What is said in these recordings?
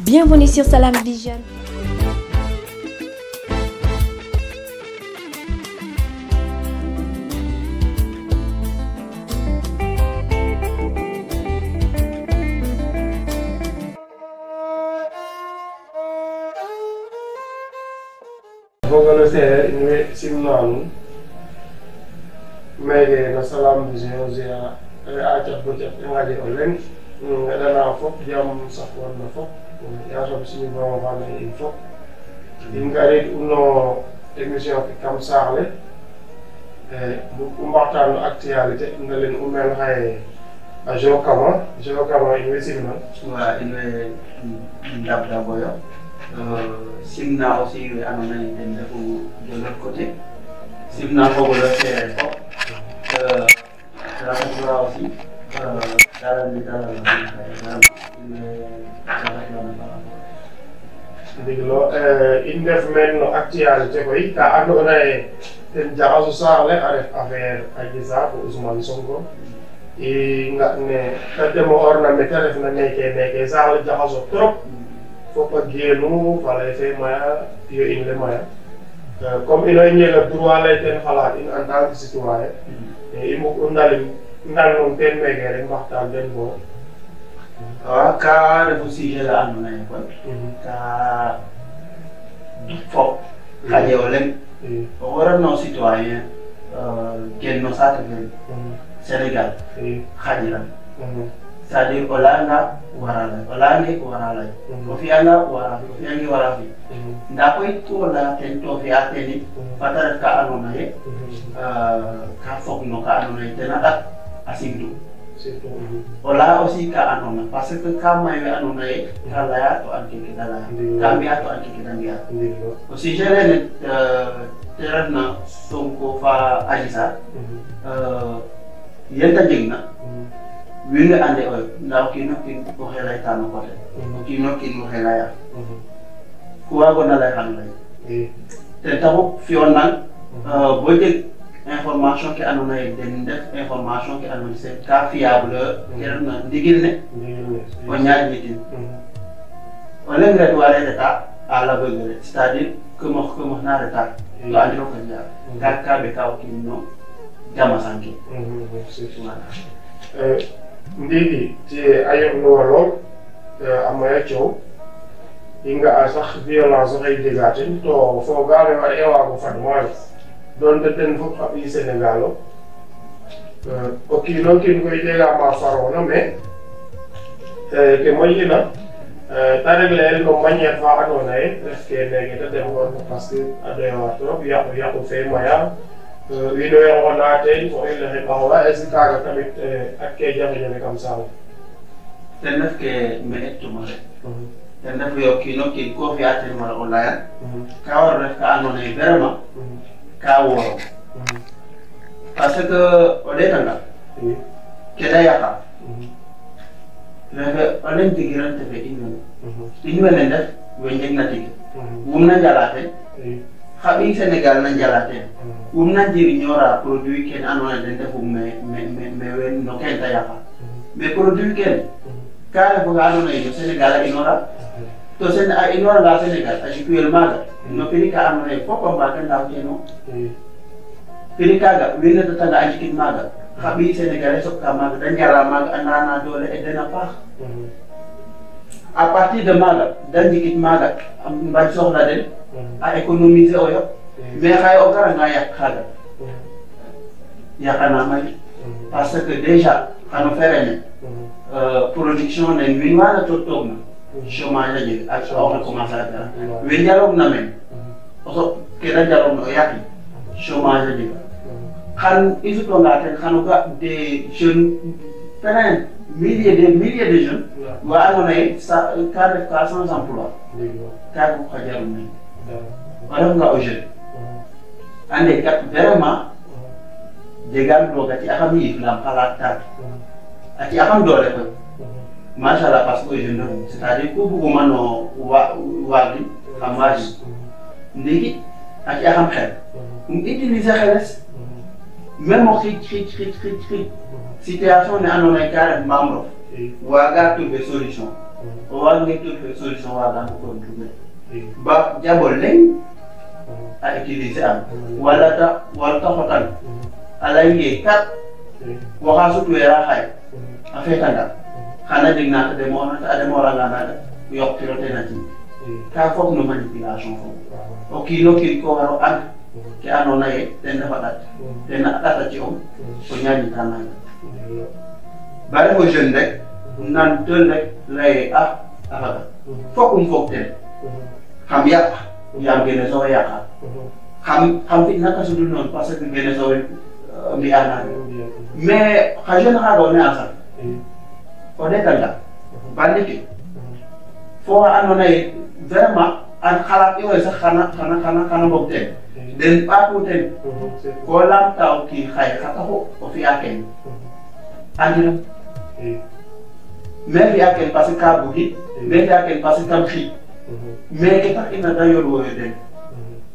Bienvenue sur Salam Vision. fogolosee ñuwe simnaanu meegeeno salam vision ga a cafbo caf i ngaƴe o leŋ ɗana fop jam saf warna fop yaasoɓe sini bamama men en fof ɗin gariɗi umno émission ke kam sahle e mbo mbaxtano actualité ngalen umen haye a jokama jokama ene wesimma wa ene dabdaboyo simna aussi ɓe anonani ɗen ndefu de l' autre côté simna fogolo seere fof rafetura aussi darandi darala ndigilo euh, in ndef meen no actualité koy ka andoona yee ten jaxasu saax le a ref affaire a gisa i nga ne ta deme'oorna me ta refna neeke neeke saax le jaxaso trop fop a geenu fa lay maya yo in le maya euh, comme ino i njega droit lay ten xalaat in en tant que citoyen mm-hmm. i mbug u ndalim ndalnum ten meeke rek waxtaan den bo waaw ka refu sujet la mhm. mhm. euh, mhm. andoona yee koy ka fo euh, ka jeg o leŋ oxu refna citoyen gen no saate fe Sénégal xaƴiran c'est-à-dire o layanga wara lay o layange wara lay o fiyanga wara fi o fiyange wara fi ndaa koy to laya ten to fi'a ten it fata ref ka andoona yee ka fog no ka andoona yee ten a ɗak a simtu o laaya aussi ka andoona parce que ka may we andoona yee ka laya to and ke ke da laya ka mbi'a to and ke ke da mbi'a o sujet lene euh, te refna Sonko fa Adji Sarr mm-hmm. euh, yen ta jegna mm-hmm. wiin we ande oyo euh, ndaa o kiin o kiin oxey layta no coté o mm-hmm. kiin o kiin oxey laya ku waagoona lay xan lay eh. ten taxu fi'o nang bo jeg information ke andoona yee den ndef information ke andoona yee ka fiable mm. ke refna ne o ñaaƴnitin o leŋ ret waale reta à l'aveugle c'est à dire këmox këmox na reta to andiro ke njaar kaak ka ɓeka o kiin no jama sanke ndiiki te a yoɓnuwa lool a maya coow i nga'a sax violence oxey jega ten to foogaale wa e waago fad maayo donte ten fof papi sénégal ah, o o kiino kiin koy jega ma faroona mais ke moƴina te regleel no manière fa andoona yee ref ke neeke ta demoorna parce que a doya war trop yaqu yaqu fe maya wiin we nqona teen fo i lexe ɓaxwa est ce que kaaga tamit ak ke jafe-jafe kam saaxu ten ref ke me etuma rek ten refu ye o kiin o kiin ko fi'a eh. eh, ah. eh, ten ah. wala o ka war o ref ka andoona yee vraiment mhm. kaawoo parce que o ɗeetanga keɗa yaqa meke o len jegirante fe in wene mhm. in wene ndef we njegna tig mhm. wum na njala ten xa ɓiy sénégal na njala ten mhm. wum na njiriñoora produit kene andoona yee den ndefu me wen no kene ta yaqa mais produit kene ka ref oxa andoona yee no sénégal a to sen a inoranga sénégal a jik wel maaga no pini mm. ka andoona yee fopa mbaata ndaaw teen o pini mm. kaaga wiin we maaga xa ɓiy sénégalais maaga da njala maaga a doole e paax à mm. partir maaga da maaga mbañ soxla den a économiser oyo mais xaye o garanga yaq xaaga yaqana may parce que déjà xano fere euh, ne production nen waana toog toog chômage la ñuy ak on a commencé à faire. mais njaloog na mel. Mm-hmm. parce que kena njaloog na o yaqi chômage la ñuy xan i ten xano ga des jeunes plein milliers des milliers de jeunes wa andoona sa ka ref ka sans emploi kaaga fop xa jarum meen o refanga o jeune ande kat vraiment jegan roog a ci axam yiif lam xalaat taak mm-hmm. a ci axam doole koy macha allah parce que jeune la cest ku bëgguma noo waa waa bi xam waa ji léegi ak yaa xam xel mu utiliser xeles même xiic xiic xiic xiic xiic situation ne andoona ye ka ref membre waaga trouver solution o waagangee trouver solution waagango contribuer ba jabo leŋ a utiliser am wala ta wala ta xotan a layngee kat waxa sutweera xaye a xanaa jeg naa ta demoorata a demooranga naaga yoqkiro ten a jik ka fog no manipulation fo o kiin o ko war o ke mm. andoona yee ten refa ƭat ten mm. a ƭat a ci'ong mm. o ñañita naaga ba refo jeune rek nan ten rek laye a ah, a faga fokum foog ten xam yàq yaam gene soxo yàqa xam xam fi naka sudul noonu parce que gene soxo euh, mbi'a naaga mais xa jeune xaaga o ne'a one ganda bandike fo wa andoona yee vraiment an xalaat i way sax xana xana xana xana mbog teen den ɓaatu teen ko laamta o kiin xaye xa taxu o fi'a kene andino mais fi'a kene parce que ka bugi mais fi'a kene parce que kam xi mais ke tax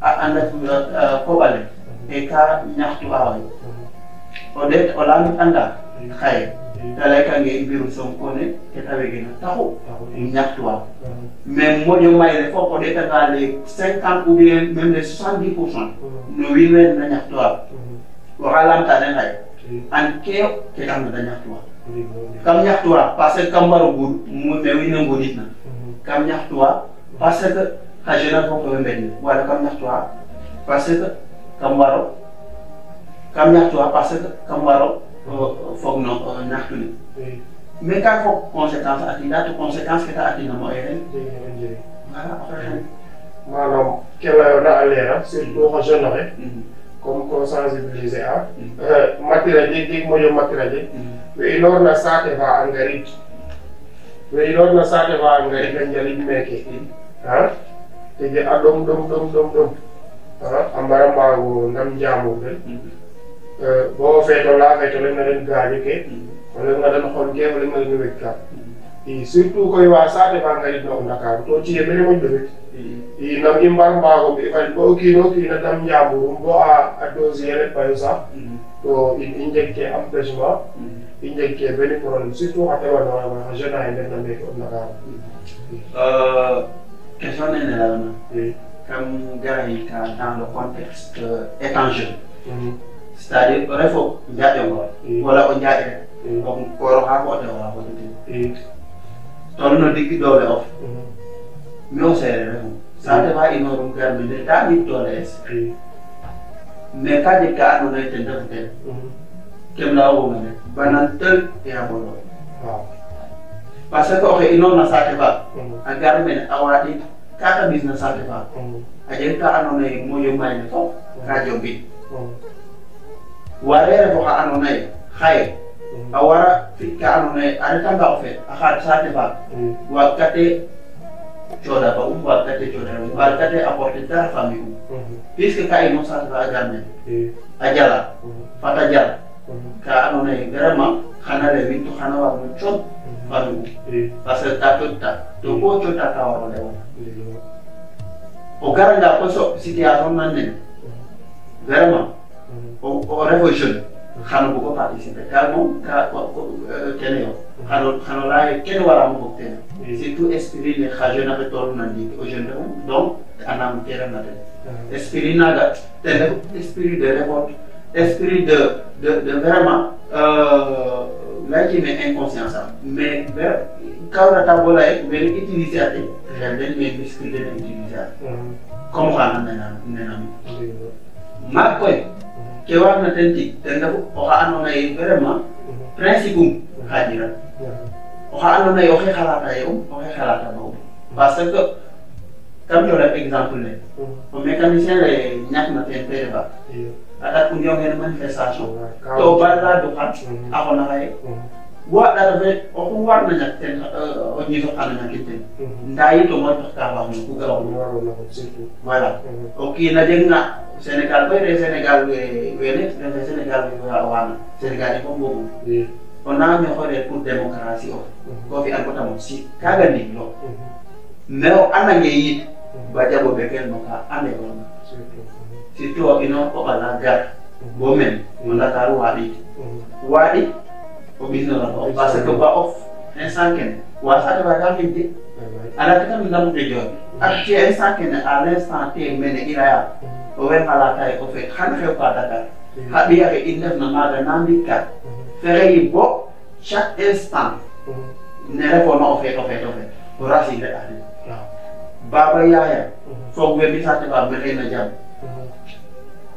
a anda koɓale e ka ñaxtu o ɗeet o laamit annda xaye ta laykange mbirum Sonko ne ke ta wegena taxu ñaxtuwaam mais moƴo mayre fof o ɗeetanga les cinquante ou bien même les soixante dix pour cent no wiin wen na ñaxtuwaam waxa laamta den xaye an ke ke kam na da ñaxtuwa kam ñaxtuwa parce que kam waro guud me wiin we ngonitna kam ñaxtuwa parce que xa jeunesse fo kowe wala kam ñaxtuwa parce que kam waro kam ñaxtuwaa parce que kam waro euh, foog no euh, ñaxtude mais ka foog conséquence atinda to conséquence ke ta atina mo eren wala manam ke layoona a leera surtout xa jeune oxe comme ko sensibliser mm-hmm. euh, mm-hmm. a matira jeg jeg moƴo matira jeg we inoorna saate fa a ngarid we inoorna saate fa a ngarid a njaliid meeke mm-hmm. a ah? tege a ah, ɗom ɗom ɗom ɗom a ah, mbara mbaago ndam njaamu fe boo feetoo laa feetoo lañ na leen gaañukee wala nga dan xool jeex lañ na leen wékkaa mm-hmm. surtout koye wawa saate ma ngaɗitno on dakaru to ciye mene mm-hmm. moƴƴo fet i nam i mbar mbago ɓe fadi bo kiino kiina dam jamurum bo a a dosiyere payo sa mm-hmm. to in i jegke empêchement i jegke beni problème surtout xa tewanooxa xa jeune axe ndefna meke on dakaru euh, question nene leyona kam gara yita dans le contexte étant jeune c'est-à-dire oɗa fof jaaɗen hoore mm. wala o jaaɗen mm. on koro haa ko ote wala hoɗete mm. toon no diggi doole of mi o seere refo sa tefa inorum garmi nde ta min doole es mais ka jeg ka andoona ye ten ndefu kem layooguma ne banan tel e a bolo parce que oxe inoorna saate fa a gar mene a waaɗi kaata ɓisna saate fa a jeg ka andoona ye moƴo mayne fop ka jombin warere fo xa andoona yee xaye hmm. a wara ka andoona yee a retanga o feet a xaad saate faak hmm. waagkatee cooɗa ba um waagkatee cooɗa um waagkatee apporter dara famille um hmm. puisque ka ino saate fa a gar mene a jala fata jala ka andoona yee vraiment xana rewin to xana waag no cooɗ famille um parce que ta cooɗta to ko cooɗta ka war o lewona o garanga koso situation nan nene vraiment révolutionné xano bugo participer ka moom ka euh, kene yo xano xano laaya kene warama bog tene surtout esprit ne xa jeune axe toorna ndiiki o jeune re'um donc andaam ke refna ten ah. esprit naaga ten ref esprit de révolte esprit de de de vraiment euh, leytine inconscience am mais ka reta bo laye mene utiliser a ten xel den mais esprit den a utiliser a ah. comme xana nena nena mi maak kewarno ten tig ten refu oxa andoona yee vraiment principe um xaƴiran oxa andoona yee oxey xalaata ye um oxey xalaatano um parce que kam cooxam exemple le o mécanicien le ten fe refa a tat o ñoowngene to o ba laya duxan a xona xaye mm-hmm. waɗaɗo ɓe omo warno ñatten o ñiito ala ñakitten ndayi to moy toxta faxno ku gaw voilà o kiina jegna sénégal koy re sénégal wene refe sénégal a waana sénégal i fo mbogum ona ñoxore pour démocratie of ko fi an kotamo si kaga ndiig lo mais o andange yit ba jaɓo ɓe kel no ka andeona surtout o ino o ɓala gar bo men o ndakaru waaɗiit waaɗi oɓinnoo par ce que ba of instant kene wasade waga limde alati kam lamude jooɗi acti instant kene à l' instant te mene iraya o we halata e o fe xan xew ka dakar xa ɓiya xe in ndefna maaga na mbigka fexe yi bo chaque instant ne refoona o feet o feet o feet o rasile anin baba yaya foog we mbisate fa mexey na jam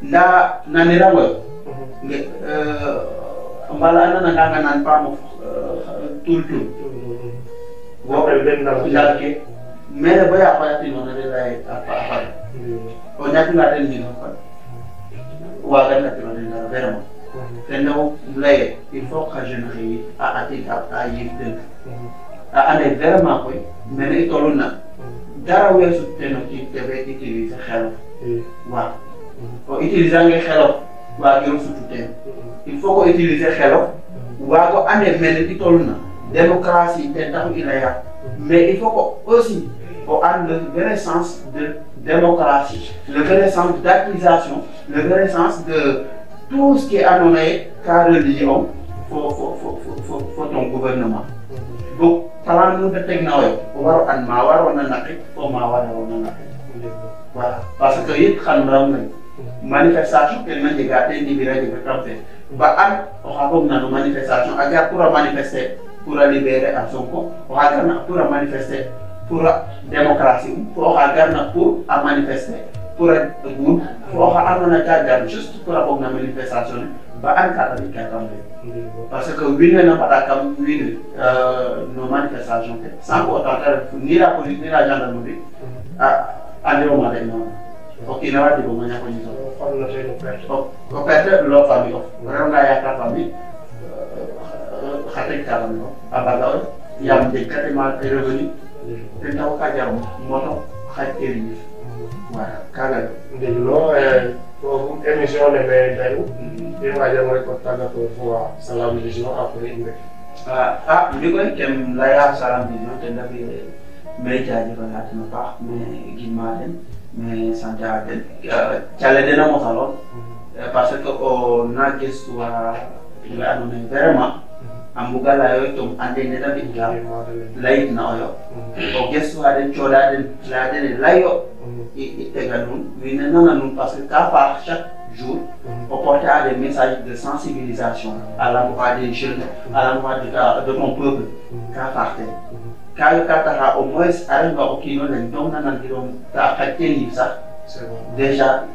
ndaa hmm. nanirangoyo mbala anana nanga nan paamo tultum woɓe ɓennaljalke mere boya koyatinono ɗeɗaye afare o ñatinga ten ndino kon waga ñatino ɗenaa vraiment tene leye il faut que jeune xeyi a atig a yiif den a ande vraiment koy mene i toluna dara weesut teno kiif tefe utiliser xelof waaw o utiliser ange xelof waa gëm surtout tey il faut ko utiliser xelo waa ko andee mel ni toll na démocratie te ila yàq mais il faut ko aussi ko am le vrai de démocratie le vrai sens d'acquisition le vrai de tout ce qui est anonaye ka religion fo fo fo fo ton gouvernement donc palaan de teg na way waro an ma waroona naqi fo ma waroona naqi voilà parce que manifestation kene na jega te ndimira jega kam fe ba an oxa fogna no manifestation a gar pour a manifester pour a libérer a pour a manifester pour a démocratie um fo oxa garna pour a manifester pour a mun fo oxa andoona ka gar manifestation ba an ka tamit ka parce que wiin na mbaɗa kam wiin we manifestation ke sans que autant te ref ni a andiroma den noona o kiina wa jego moyen fo ñiso o perte lo famille of renga yaqa famille xa teg ka famille of a baga oy yaam jeg ka tema revenu ten taxu ka jarom moto xaj ke riñif wala kaga nding no fofum émission ne me dayu i wajan rek o tagato fowa salam vision après i mbek a mbi koy kem leya salam vision ten refu ye mais jaajëfalaat na baax mais gidmaa leen mais santaa leen euh, Jalle dina mosaloon euh, parce que naa gëstu waa nga andoona ye vraiment mm-hmm. a mbugalaayo tom ande neta mbi'ka mm-hmm. layitna oyo mm-hmm. o gestuwaaden cooɗaaden layaden e layo i tega nuun wiin we nana nuun parce ka faax chaque o apporter à des messages de sensibilisation à l'endroit des jeunes, à l'endroit de, euh, de ton peuple, qu'à partir. Car le Qatar, au moins, à l'endroit qui nous l'a donc dans le affecté livre, ça, déjà,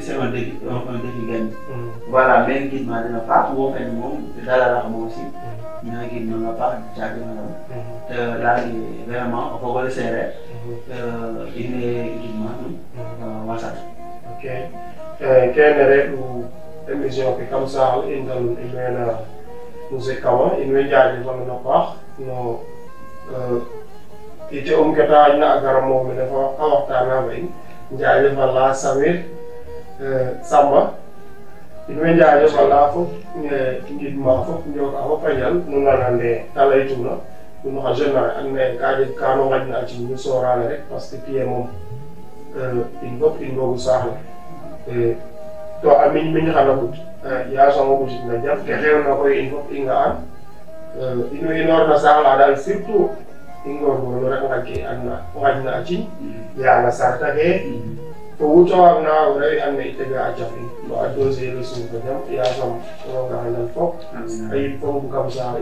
c'est un défi gagné. Mm. Voilà, même qui m'a donné pas, ou enfin, nous, dans la larme aussi, nous mm. n'avons pas, nous n'avons pas, là, vraiment, on peut le serrer, mm. euh, il est, il m'a dit, euh, voilà. okay? Keenere ɗum émission ke kam sahal indal imena muse kawa in way jaajefalana paax no euh, ite um keta xajna a gara moomene fo a waxtaana fa in njaajefala Samir euh, Samba in way njaajefala fop ngidma fop njoga fop a njal nu nanane ta laytuna nun xa jeune axe andoona yee ka jeg kaa nu xajna a cim nu sooraale rek parce que pied moom in fop in mbogu saax Eh, to a miñ miñ xalagut yaasongogu sik na jam ke eh, xewna koy in fop in way inoorna saaxla daal surtout i ngoorgoorlu rek ngaj ke anna ngajna a cin yaala sarta fe to wut o waagna waagna we andoona yee i tega a caf in to a dossier le suuf a jam yaasam rooga xenan fop a yip fo mbug kam saax